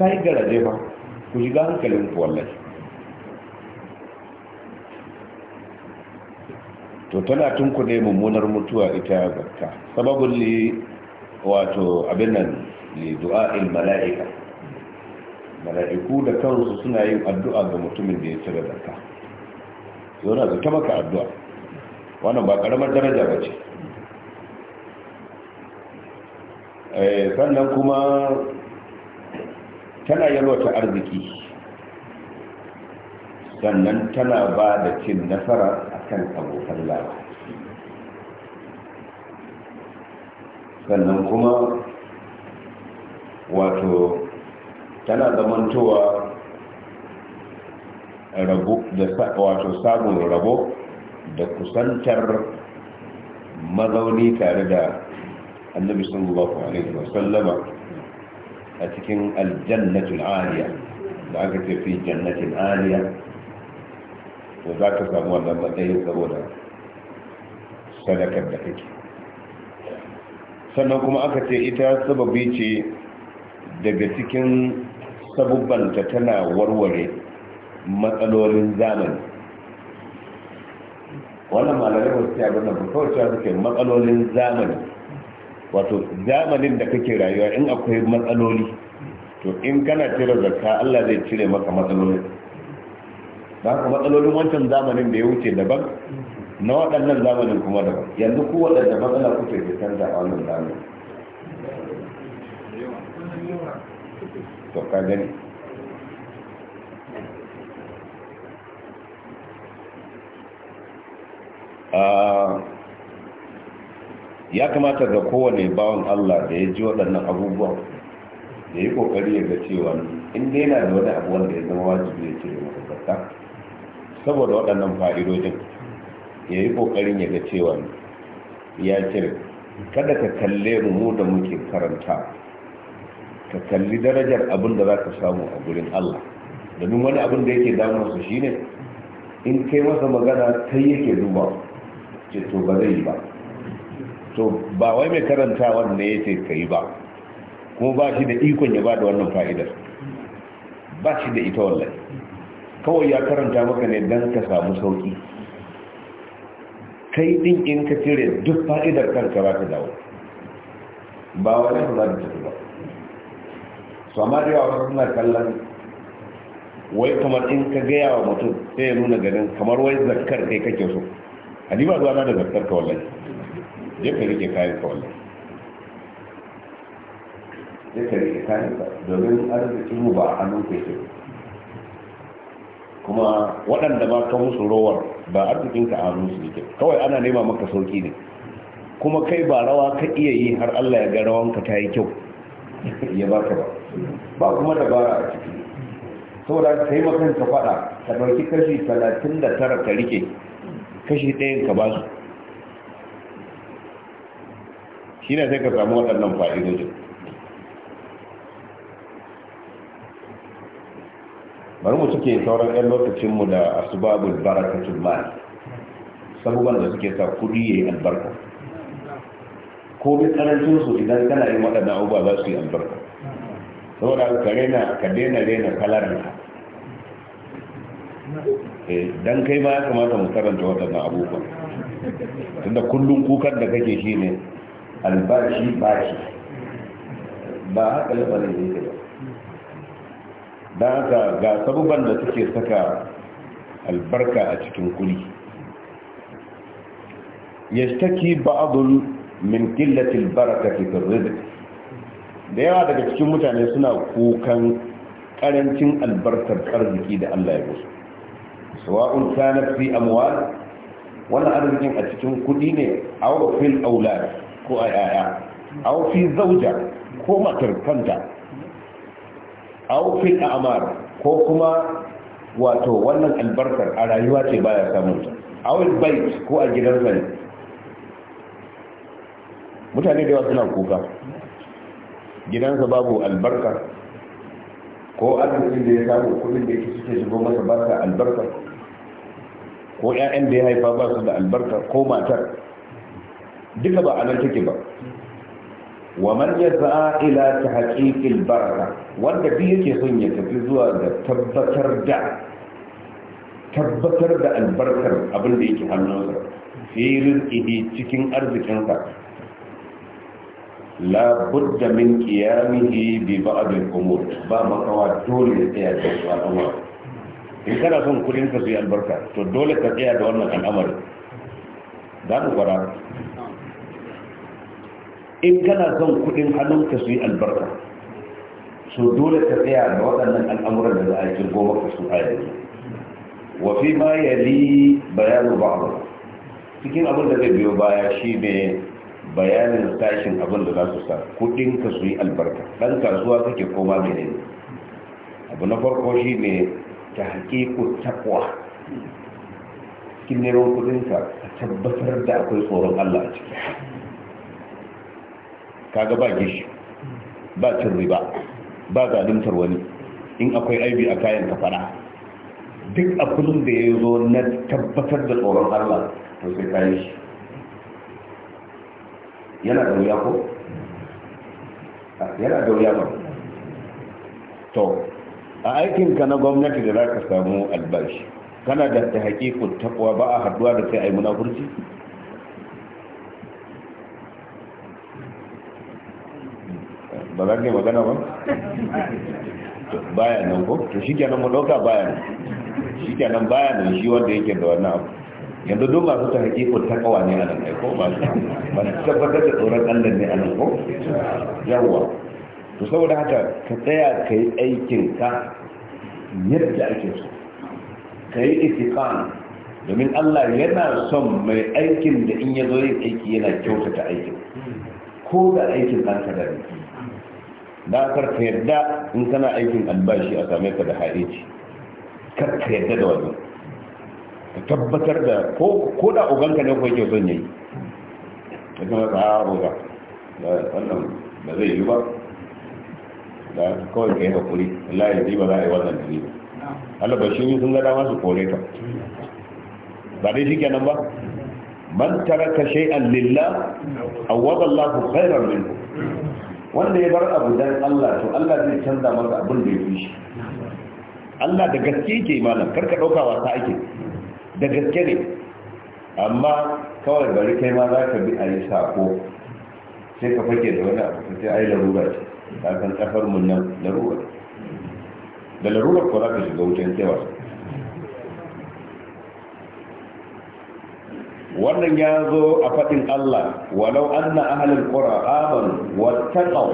ka yi garaje ba ku shiga hankalin ku wallahi to tana ne mummunar mutuwa ita zakka sababin li wato abin nan li il mala'ika mala'iku da kansu suna yin addu'a ga mutumin da ya cire zakka yana zata maka addu'a wannan ba karamar daraja ba ce eh, sannan kuma tana yalwata arziki sannan tana ba da cin nasara kan abokan gaba sannan kuma wato tana zamantowa rabo da wato samun rabo da kusantar mazauni tare da annabi sallallahu alaihi wasallama a cikin aljannatul aliya da aka ce fi jannatin ariya. to za ka samu wannan matsayin saboda sadakar da kake sannan kuma aka ce ita sababi ce daga cikin sabubbanta tana warware matsalolin zamani wannan malamai ba su ce abin da cewa suke matsalolin zamani wato zamanin da kake rayuwa in akwai matsaloli to in kana cire zakka Allah zai cire maka matsalolin ba ku matsalolin wancan zamanin da ya wuce daban na waɗannan zamanin kuma daban yanzu ku waɗanda matsala kuke canza a wannan zamanin to ka gani ah, ya kamata ga kowane bawan Allah da ya ji waɗannan abubuwan da ya ƙoƙari ya ga cewa in dai yana da wani abuwan da ya zama wajibi ya cire masa saboda waɗannan fa'idojin ya yi ƙoƙarin ya ga cewa ya cire kada ka kalle mu da muke karanta ka kalli darajar abin da za ka samu a gurin Allah domin wani abin da yake damar su shine in kai masa magana kai yake duba ce to ba zai yi ba to ba wai mai karanta wanda ya ce ka yi ba kuma ba shi da ikon ya ba da wannan fa'idar ba shi da ita wallahi kawai ya karanta maka ne don ka samu sauki kai din in ka cire duk fa'idar kanka ba ta dawo ba wani su za ta tafi ba su amma da yawa suna kallon wai kamar in ka gaya wa mutum sai ya nuna ganin kamar wai zakkar kai kake so a ba zuwa na da zakkar ka wallahi je ka rike kayan ka wallahi je ka rike kayan ka domin arzikin mu ba a hannun ku yake kuma waɗanda ba ka musu rowar ba arzikinka a hannun su yake kawai ana nema maka sauki ne kuma kai ba rawa ka iya yi har Allah ya ga rawanka ta yi kyau ya ba ka ba ba kuma dabara a ciki saboda ka yi makan ka faɗa ka ɗauki kashi talatin da tara ka rike kashi ɗayan ka ba su shi ne sai ka samu waɗannan fa'idojin bari mu suke sauran yan lokacinmu da asubabul barakatul mal sabuwan da suke sa kudi ya yi albarka ko bi karancin su idan kana yin waɗannan abubuwa za su yi albarka saboda ka rena ka daina rena kalarinka eh, dan kai ma ya kamata mu karanta waɗannan abubuwan tunda kullum kukan da kake shi ne albashi bashi ba haka ba ne ba don haka ga sabuban da suke saka albarka a cikin kuli ya taki ba'adun min killatil baraka fitar rizq da yawa daga cikin mutane suna kukan karancin albarkar arziki da Allah ya musu sawa'un kanat fi amwal wannan arzikin a cikin kudi ne aw fil aulad ko ayaya aw fi zawja ko matar kanta aufin amar ko kuma wato wannan albarkar a rayuwa ce baya samun ta awil bait ko a gidan ne mutane da yawa suna kuka gidansa babu albarka ko arzikin da ya samu kudin da yake suke shigo masa ba sa albarka ko 'ya'yan da ya haifa ba su da albarka ko matar duka ba a nan take ba wa manyan yasa'a ila tahqiqil baraka wanda duk yake son ya tafi zuwa ga tabbatar da tabbatar da albarkar abin da yake hannunsa fi rizqihi cikin arzikinsa la budda min qiyamihi bi ba'd al-umur ba makawa dole ya tsaya da al'amari in kana son kudin ka albarka to dole ka tsaya da wannan al'amari da mu fara in kana son kudin hannunka su yi albarka so dole ka tsaya da waɗannan al'amuran da za a kirgo maka su a yanzu wafi ma yali bayanin ba'adu cikin abin da zai biyo baya shi ne bayanin tashin abin da za su sa ka su yi albarka ɗan kasuwa kake koma mai abu na farko shi ne ta haƙiƙu takwa cikin neman kudinka ka tabbatar da akwai tsoron allah a ciki kaga ba gishi ba cin riba ba zalimtar wani in akwai aibi a kayan kafara Duk duk abin da ya zo na tabbatar da tsoron Allah to sai k'a shi yana da wuya ko yana da wuya ba to a aikinka na gwamnati da za ka samu albashi kana da ta haƙiƙun takwa ba a haduwa da sai a yi munafurci ba za ka yi magana ba baya nan ko to shi kenan mu dauka baya nan shi kenan baya nan shi wanda yake da wannan abu yanzu duk masu ta haƙi ko ta kawa ne a nan ai ko masu masu tabbatar da tsoron allah ne a nan ko yawwa to saboda haka ka tsaya ka yi aikin ka yadda ake so ka yi itikan domin allah yana son mai aikin da in ya zo yin aiki yana kyautata aikin ko da aikin ɗan kadari da kar ka yadda in kana aikin albashi a same ka da haici kar ka yadda da wani ka tabbatar da ko da oganka ne ko yake son yayi ka kuma ah, ka da wannan ba zai yi ba da kawai ka yi hakuri Allah ya ba za a yi wannan da ba Allah ba shi sun ga dama su kore ka ba dai shi kenan ba man taraka shay'an lillah awwada Allahu khairan minhu wanda ya bar abu dan Allah to Allah zai canza masa abin da ya shi Allah da gaske ke malam karka ɗauka wasa ake da gaske ne amma kawai bari kai ma zaka bi a yi ko sai ka fake da wani abu sai ai larura ce ta kan kafar mun nan larura da larurar ko za ka shiga wutan sai wannan ya zo a faɗin Allah walau anna ahlul qura amanu wattaqaw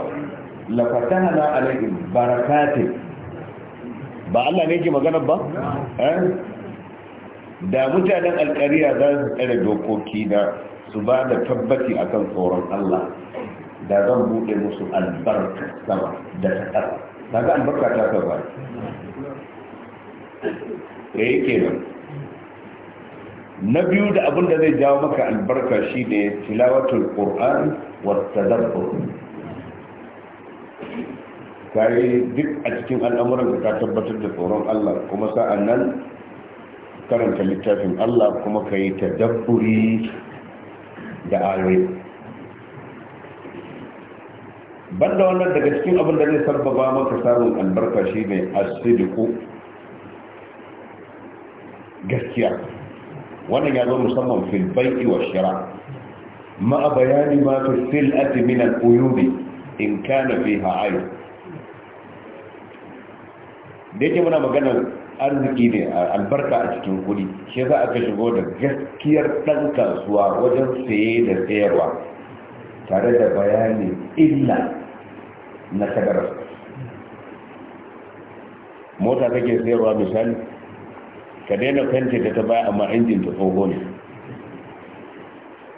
la fatahna alaihim barakatin ba Allah ne ke magana ba eh? da mutanen alƙariya za su tsare dokoki da su ba da tabbaci akan tsoron Allah da zan buɗe musu albarka sama da ta ƙasa ga albarka ta ya eh kenan na biyu da abin da zai jawo maka albarka shi ne tilawatul ƙur'an wata dabbar yi duk a cikin al'amuran ka tabbatar da tsoron allah kuma sa'an nan karanta littafin allah kuma ka yi tadabburi da ayoyi banda wannan daga cikin abin da zai sababa maka samun albarka shi ne asidiku gaskiya wannan ya zo musamman fil bai'i wa shira ma'a bayani ma fi fil ati min al uyubi in kana fiha ayu da yake muna magana arziki ne albarka a cikin kuɗi shi za ka shigo da gaskiyar ɗan kasuwa wajen saye da sayarwa tare da bayani illa na kadararsa mota take sayarwa misali ka daina fenti da ta baya amma injin ta tsoho ne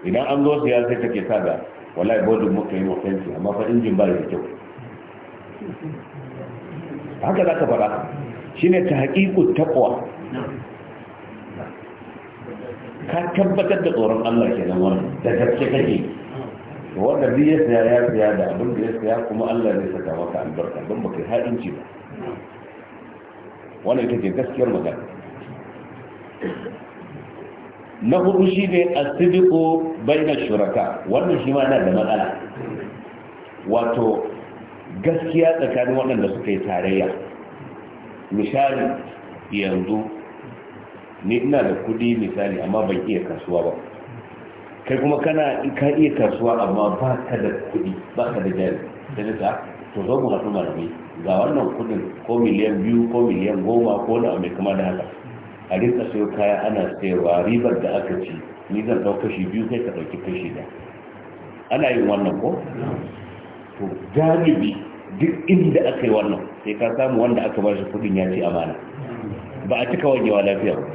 idan an zo siya sai take sa da wallahi bodin muka yi fenti amma fa injin ba da kyau haka za ka faɗa shine ta haƙiƙu taƙwa ka tabbatar da tsoron Allah ke nan wannan da gaske kake wanda biye ya siya ya siya da abin da ya siya kuma Allah zai saka maka albarka don baka haɗin ci ba wannan ita ce gaskiyar magana na hudu shi ne a sidiko na shuraka wannan shi ma na da matsala wato gaskiya tsakanin waɗanda suka yi tarayya misali yanzu ni ina da kudi misali amma ban iya kasuwa ba kai kuma kana ka iya kasuwa amma ba ka da kudi ba ka da jari da nisa to zo mu haɗu malami, ga wannan kudin ko miliyan biyu ko miliyan goma ko na mai kama da haka a rinka sayo kaya ana sayarwa ribar da aka ci ni zan ɗau kashi biyu sai ka ɗauki kashi da ana yin wannan ko to galibi duk inda aka yi wannan sai ka samu wanda aka ba shi kuɗin ya ci amana ba a cika wanyewa lafiya ba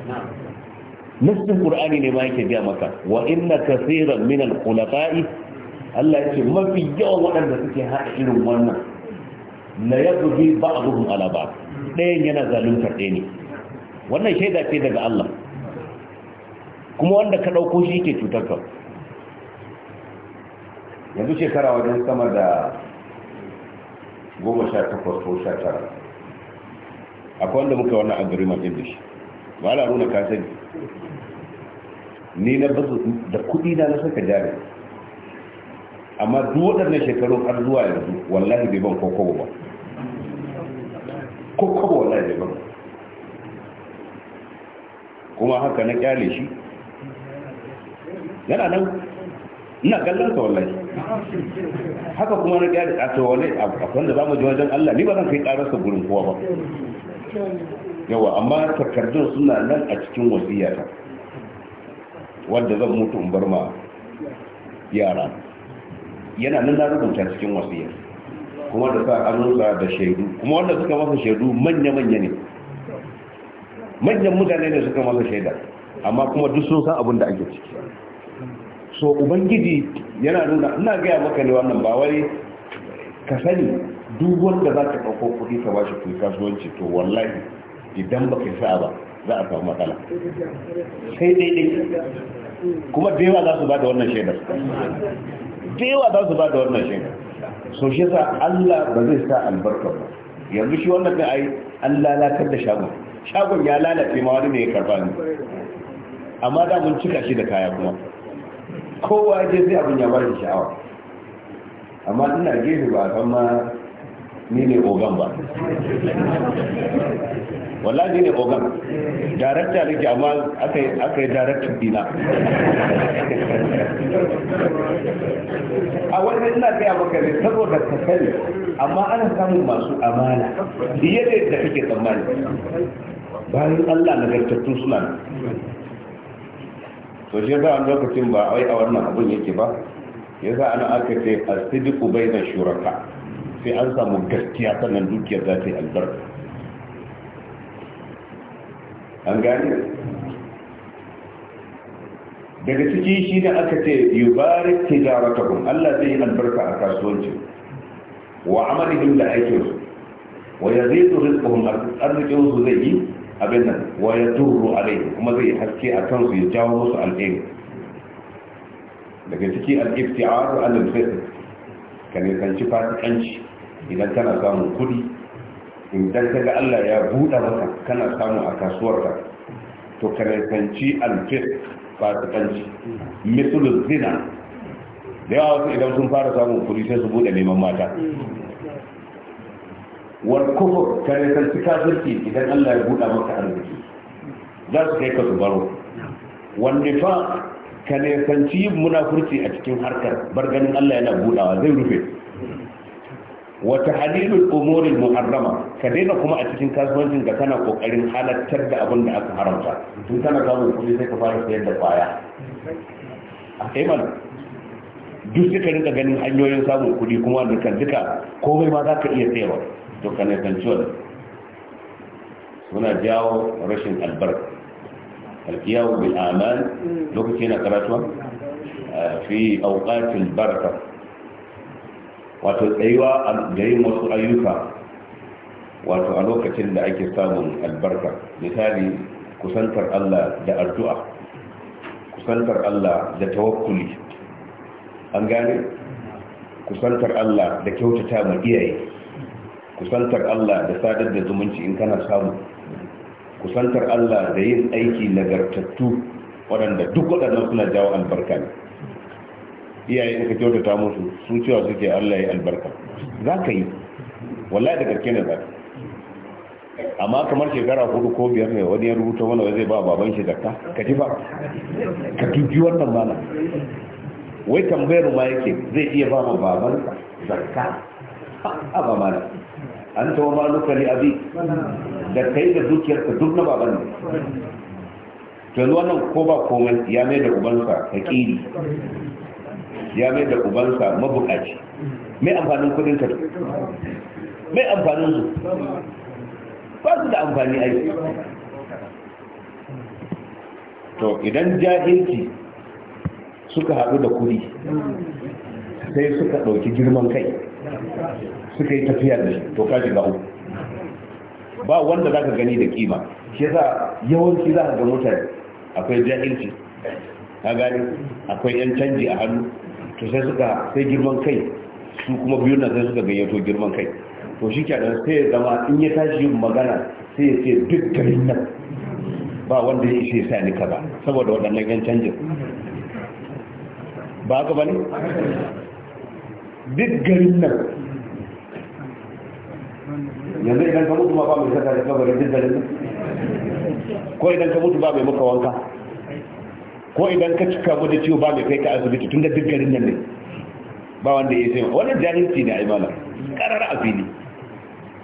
nassin qur'ani ne ma yake biya maka wa inna kaseeran min al-khulata'i Allah ya ce mafi yawan waɗanda suke haɗa irin wannan la yabghi ba'dhum ala ba'd ɗayan yana zaluntar ɗaya ne wannan shaida ce daga Allah kuma wanda ka ɗauko shi yake cutar ka yanzu shekara wajen sama da goma sha takwas ko sha tara akwai wanda muka wannan agreement ɗin da shi ba ala nuna ka sani ni na basu da kuɗi na na saka jari amma duk waɗannan shekaru har zuwa yanzu wallahi bai ban kokobo ba kokobo wallahi bai ban kuma haka na kyale shi yana nan ina kallon sa wallahi haka kuma na kyale a tawale a kwanza za mu ji wajen Allah ni ba zan kai sa gurin kowa ba yawa amma takardun suna nan a cikin wasiyata wanda zan mutu in bar ma yara yana nan na rubuta cikin wasiyar kuma da sa an da shaidu kuma wanda suka masa shaidu manya-manya ne manyan mutane ne suka masa shaida amma kuma duk sun san abin da ake ciki so ubangiji yana nuna ina gaya maka ne wannan ba wai ka sani duk wanda za ka ɗauko kuɗi ka bashi kuɗi kasuwanci to wallahi idan ba ka sa ba za a samu matsala sai dai kuma da yawa za su ba da wannan shaidar da yawa za su ba da wannan shaidar so shi sa Allah ba zai sa albarka ba yanzu shi wannan da ai an lalatar da shagon shagon ya lalace ma wani ne ya karba ni amma da mun cika shi da kaya kuma kowa je zai abin ya bari sha'awa amma ina gefe ba a san ma ni ne ogan ba wallahi ne ogan darakta ke amma aka yi aka yi darakta dina a wannan ina gaya maka ne saboda ka sani amma ana samun masu amana fiye da yadda kake tsammani bayan Allah nagartattu suna to shi ba a lokacin ba wai a wannan abun yake ba Ya za a na aka ce a ku bai da shuraka sai an samu gaskiya sannan dukiyar za ta yi albarka an gane daga ciki shi ne aka ce yubarik tijaratahum Allah zai yi albarka a kasuwanci wa amalihim da aikin su zai yazidu rizquhum arzikin su zai yi abin nan wa yadurru alaihi kuma zai haske a kansu ya jawo musu alheri daga ciki al-ibti'ar al-fisq ka ne kanci fasikanci idan kana samun kudi idan kaga Allah ya buɗa maka kana samu a kasuwarka to ka ba ta kanci misalu zina da yawa wasu idan sun fara samun kuri sai su buɗe neman mata wa kufur ka nisanci kafirci idan Allah ya buɗa maka arziki za su kai ka su baro wal nifaq ka nisanci yin munafurci a cikin harkar bar ganin Allah yana buɗawa zai rufe wa tahlilul umuri muharrama ka daina kuma a cikin kasuwancin ka kana kokarin halattar da abin da aka haramta tun kana samun kuɗi sai ka fara sayar da kwaya a kai mana duk suka rinka ganin hanyoyin samun kuɗi kuma dukkan kan duka komai ma za ka iya tsayawa to ka ne san ciwon suna jawo rashin albarka alkiyawu bil amal lokaci na karatuwa eh, fi auqatil barka wato tsayuwa da yin wasu ayyuka wato a lokacin da ake samun albarka misali kusantar Allah da addu'a kusantar Allah da tawakkuli an gane kusantar Allah da kyautata ma iyaye kusantar Allah da sadar da zumunci in kana samu kusantar Allah da yin aiki nagartattu waɗanda duk waɗannan suna jawo albarka ne iyaye in ka kyautata musu su cewa suke Allah ya albarka za ka yi wallahi da karke ne za ka amma kamar shekara hudu ko biyar ne wani ya rubuta wani zai ba baban shi zakka ka ji ba ka dubi wannan mana wai tambayar ma yake zai iya ba ma baban zakka a ba mana an tawo ma luka ne abi da kai da dukiyar ka duk na baban ne yanzu wannan ko ba komai ya mai da ubansa hakiri ya mai da ubansa mabukaci mai amfanin kudin ka mai amfanin su ba su da amfani aiki to idan jahilci suka haɗu da kuri sai suka ɗauki girman kai suka yi tafiya da shi to ka ba uku ba wanda za ka gani da kima shi za yawanci za ka ga mutane akwai jahilci ka gani akwai yan canji a hannu to sai suka sai girman kai su kuma biyu na sai suka gayyato girman kai to shi kyanar sai zama in ya tashi yin magana sai ya ce duk garin nan ba wanda ya ishe sa ni ba saboda waɗannan yan canjin ba ka bane duk garin nan yanzu idan ka mutu ma ba mai saka da kabarin duk garin nan ko idan ka mutu ba mai maka wanka ko idan ka cika mu da ciwo ba mai kai ka asibiti tun da duk garin nan ne ba wanda ya sai wannan jahilci ne yi malam karar a fili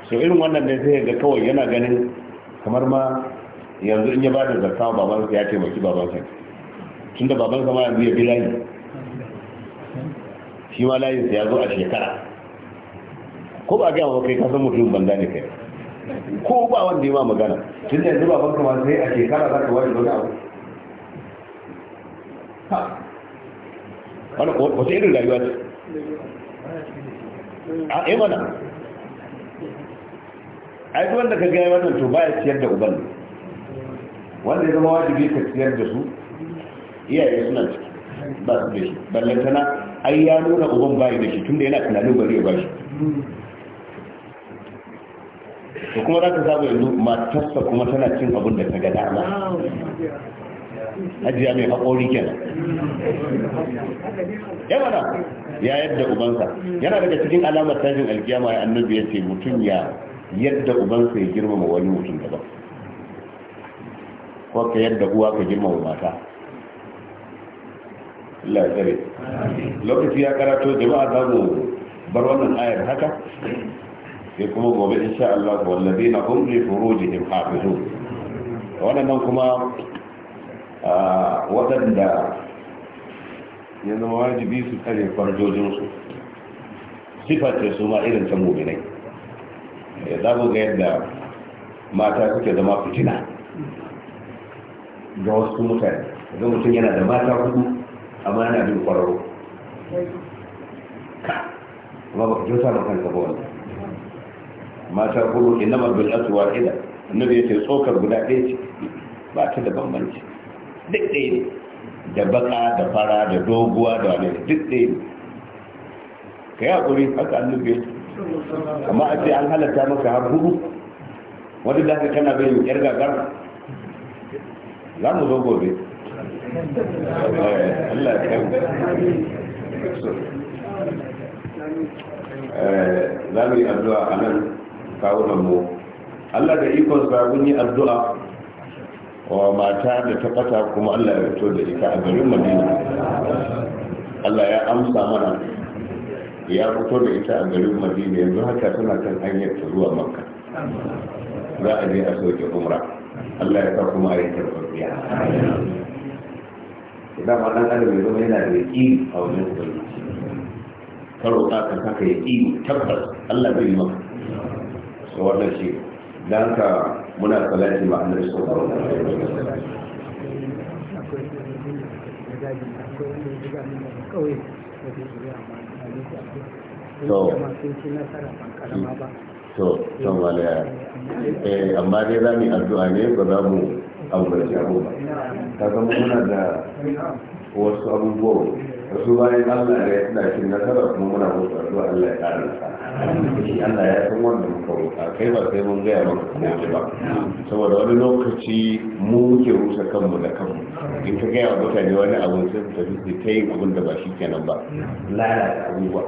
so irin wannan ne sai ga kawai yana ganin kamar ma yanzu in ya ba da zakka babansa ya taimaki babansa tun da babansa ma yanzu ya bi layi shi ma layinsa ya zo a shekara ko ba gaya kai ka san mutum banza ne kai ko ba wanda ya ma magana tun da yanzu babanka ma sai a shekara za ka wani wani abu wani wata irin rayuwa ce a yi eh mana a yi wanda ka gaya wannan to baya siyar da uban wanda ya zama wajibi ka ciyar da su iyaye suna ciki ba su da shi ballantana ai ya nuna uban bayi da shi tun da yana tunanin bari ya bashi to kuma za ka samu yanzu matarsa kuma tana cin abin da ta ga dama hajiya mai haƙori kenan mana ya yadda ubansa yana daga cikin alamar tashin alkiyama ya annabi ya ce mutum ya yadda ubansa ya girmama wani mutum daban ko ka yadda uwa ka girmama mata Allah ya tsare lokaci ya karato jama'a za mu bar wannan ayar haka sai kuma gobe insha Allah wallazina hum li furujihim hafizun wannan kuma waɗanda ya zama wajibi su tsare farjojinsu siface su ma irin ta muminai ya zaɓo ga yadda mata suke zama fitina ga wasu mutane ga mutum yana da mata hudu amma yana bin kwararo ka ba ka jota ba kanka ba wanda mata hudu inama bin asuwa aswa ila annabi ya ce tsokar guda ɗaya ce ba ta da bambanci duk ɗaya ne da baka da fara da doguwa da wani duk ɗaya ne ka yi haƙuri haka an nufe amma a ce an halatta maka har hudu wani da kana bai yi yar gagar za mu zo gobe eh, Allah ya eh, za mu yi addu'a a nan kawunanmu mu Allah da ikonsa mun yi addu'a wa mata da ta fata kuma Allah ya fito da ita a garin Madina Allah ya amsa mana ya fito da ita a garin Madina yanzu haka tana kan hanyar ta zuwa Makka za a je a soke umra Allah ya sa kuma a yi tarbiya idan ma dan adam ya yana da yaqini a wajen ubangiji karo ka ka ka yaqini tabbas Allah zai maka so wannan shi Danka muna salati ma annabi sallallahu alaihi wasallam to to wala eh amma dai zamu yi addu'a ne ba za mu abu da ba ta zama muna da wasu abubuwa wasu bayan Allah ne suna cin nasara kuma muna musu addu'a Allah ya ƙara nasara shi Allah ya san wanda muka kai ba sai mun gaya maka kuma ba saboda wani lokaci mu muke rusa kanmu da kanmu in ka gaya wa mutane wani abu sai ku tafi su ta yin abin da ba shi kenan ba lalata abubuwa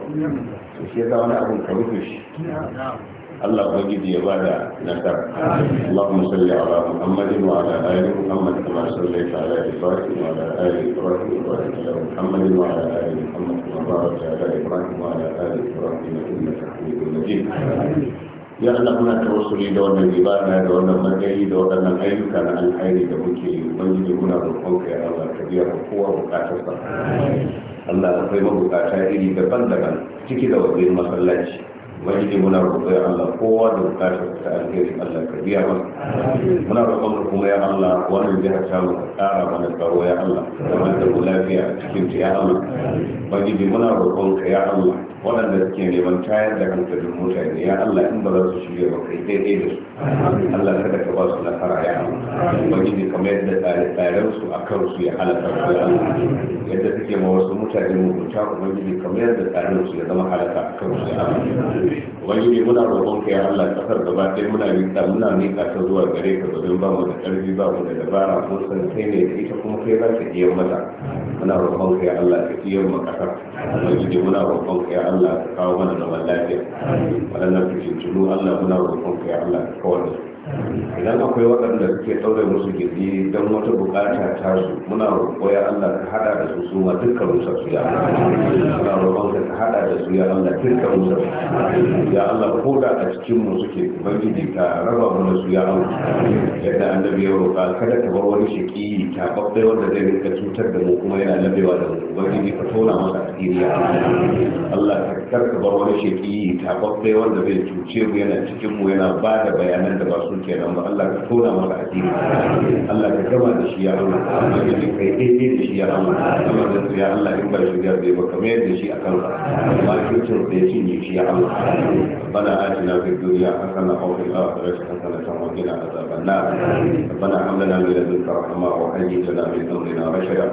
to shi ya wani abun ka rufe shi Allah ubangiji ya bada nasar Allahumma salli ala Muhammadin wa ala ali Muhammad kama sallaita ala Ibrahim wa ala ali Ibrahim wa barik ala Muhammadin wa ala ali Muhammad kama barakta ala Ibrahim wa ala ali Ibrahim innaka Hamidum Majid ya Allah muna tawassuli da wannan ibada da wannan matsayi da waɗannan ayyuka na alkhairi da muke yi ubangiji muna roƙon ka ya Allah ka biya ka kowa bukatar sa Allah akwai mabukata iri daban-daban ciki da wajen masallaci majidi muna roƙon Allah kowa da bukatar ta alheri Allah ka biya mana muna roƙon kuma ya Allah wannan jihar ta mu ƙara mana tsaro ya Allah da mu lafiya a cikin ya Allah majidi muna roƙon ka ya Allah waɗanda suke neman tayar da hankalin mutane ya Allah in ba za su shirya ba kai daidai da su Allah kada ka ba su nasara ya ubangiji kamar yadda tsare-tsaren su a kan su ya halaka su ya yadda suke ma wasu mutane mugunta ubangiji kamar yadda tsarin su ya zama halaka a kan su ya ubangiji muna roƙon ka ya Allah kasar gaba ɗaya muna miƙa muna miƙa ta zuwa gare ka domin ba mu da ƙarfi ba mu da dabara mun san kai ne ita kuma kai za ka iya mata muna roƙon ka ya Allah ka iya mu kasar ubangiji muna roƙon ya Allah ka kawo mana zaman lafiya waɗannan fitintunu Allah muna roƙon ya Allah ka kawar da idan akwai waɗanda suke ɗaure musu gizi don wata bukata ta su muna roƙo ya Allah ka hada da su su ma dukkan musa su ya muna roƙon ka ka hada da su ya Allah dukkan musa su ya Allah ko da a cikin mu suke ubangiji ka raba mu da su ya Allah yadda annabi ya roƙa kada ka bar wani shiki ta babbe wanda zai rinka cutar da mu kuma yana labewa da mu ubangiji ka tona masa asiri ya Allah ka karka bar wani shiki ta babbe wanda zai cuce mu yana cikin mu yana ba da bayanan da ba su kenan ba Allah ka tona masa asiri Allah ka gama da shi ya Allah Allah ka ji kai daidai da shi ya Allah Allah da ya Allah in ba shi ya bai ba kamar da shi a kansa ba shi cin da ya cinye shi ya Allah bana atina fid dunya hasana wa fil akhirati hasana wa qina adhaban nar ربنا هب لنا من لدنك رحمة وهيئ لنا من أمرنا رشدا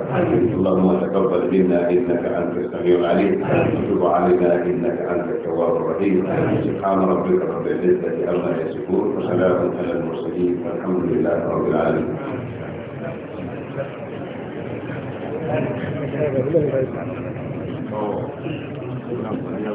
اللهم تقبل منا إنك أنت السميع العليم وتب علينا إنك أنت التواب الرحيم سبحان ربك رب العزة عما يصفون وسلام وسلم على المرسلين والحمد لله رب العالمين Thank you.